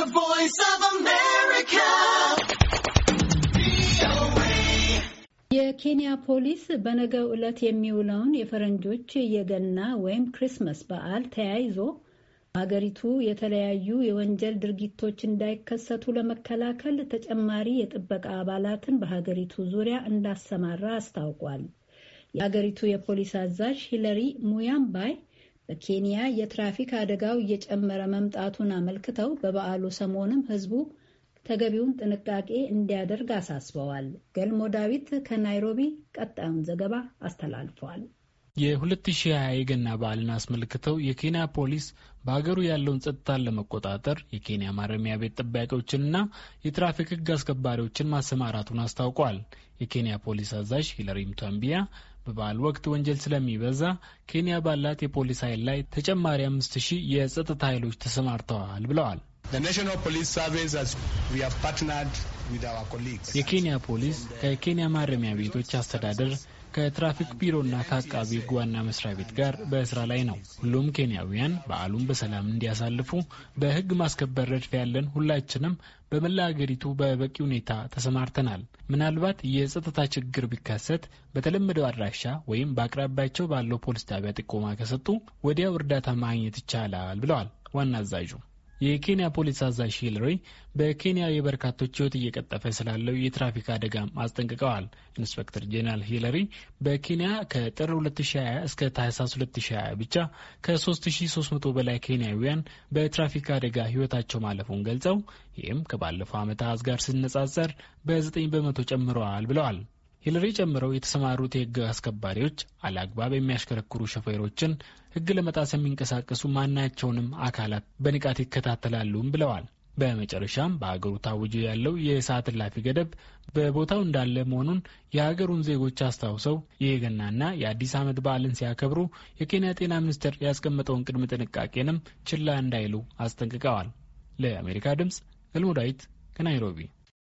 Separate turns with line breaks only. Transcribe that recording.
The Voice of America. የኬንያ ፖሊስ በነገው ዕለት የሚውለውን የፈረንጆች የገና ወይም ክሪስመስ በዓል ተያይዞ በሀገሪቱ የተለያዩ የወንጀል ድርጊቶች እንዳይከሰቱ ለመከላከል ተጨማሪ የጥበቃ አባላትን በሀገሪቱ ዙሪያ እንዳሰማራ አስታውቋል። የሀገሪቱ የፖሊስ አዛዥ ሂለሪ ሙያምባይ በኬንያ የትራፊክ አደጋው እየጨመረ መምጣቱን አመልክተው በበዓሉ ሰሞንም ህዝቡ ተገቢውን ጥንቃቄ እንዲያደርግ አሳስበዋል። ገልሞ ዳዊት ከናይሮቢ ቀጣዩን ዘገባ አስተላልፏል።
የ2020 የገና በዓልን አስመልክተው የኬንያ ፖሊስ በሀገሩ ያለውን ጸጥታን ለመቆጣጠር የኬንያ ማረሚያ ቤት ጠባቂዎችንና የትራፊክ ሕግ አስከባሪዎችን ማሰማራቱን አስታውቋል። የኬንያ ፖሊስ አዛዥ ሂለሪ ሙታምቢያ በበዓል ወቅት ወንጀል ስለሚበዛ ኬንያ ባላት የፖሊስ ኃይል ላይ ተጨማሪ አምስት ሺህ የጸጥታ ኃይሎች ተሰማርተዋል ብለዋል። የኬንያ ፖሊስ ከኬንያ ማረሚያ ቤቶች አስተዳደር ከትራፊክ ቢሮና ከአቃቢ ዋና መስሪያ ቤት ጋር በስራ ላይ ነው። ሁሉም ኬንያውያን በዓሉን በሰላም እንዲያሳልፉ በህግ ማስከበር ረድፍ ያለን ሁላችንም በመላ አገሪቱ በበቂ ሁኔታ ተሰማርተናል። ምናልባት የጸጥታ ችግር ቢከሰት በተለመደው አድራሻ ወይም በአቅራቢያቸው ባለው ፖሊስ ጣቢያ ጥቆማ ከሰጡ ወዲያው እርዳታ ማግኘት ይቻላል ብለዋል ዋና አዛዡ። የኬንያ ፖሊስ አዛዥ ሂለሪ በኬንያ የበርካቶች ሕይወት እየቀጠፈ ስላለው የትራፊክ አደጋም አስጠንቅቀዋል። ኢንስፔክተር ጄኔራል ሂለሪ በኬንያ ከጥር 2020 እስከ ታህሳስ 2020 ብቻ ከ3300 በላይ ኬንያውያን በትራፊክ አደጋ ሕይወታቸው ማለፉን ገልጸው ይህም ከባለፈው ዓመት አዝ ጋር ሲነጻጸር በ9 በመቶ ጨምረዋል ብለዋል። ሂለሪ ጨምረው የተሰማሩት የህግ አስከባሪዎች አለአግባብ የሚያሽከረክሩ ሾፌሮችን ህግ ለመጣስ የሚንቀሳቀሱ ማናቸውንም አካላት በንቃት ይከታተላሉም ብለዋል። በመጨረሻም በአገሩ ታውጆ ያለው የሰዓት እላፊ ገደብ በቦታው እንዳለ መሆኑን የሀገሩን ዜጎች አስታውሰው የገናና የአዲስ ዓመት በዓልን ሲያከብሩ የኬንያ ጤና ሚኒስቴር ያስቀመጠውን ቅድመ ጥንቃቄንም ችላ እንዳይሉ አስጠንቅቀዋል። ለአሜሪካ ድምፅ ገልሞ ዳዊት ከናይሮቢ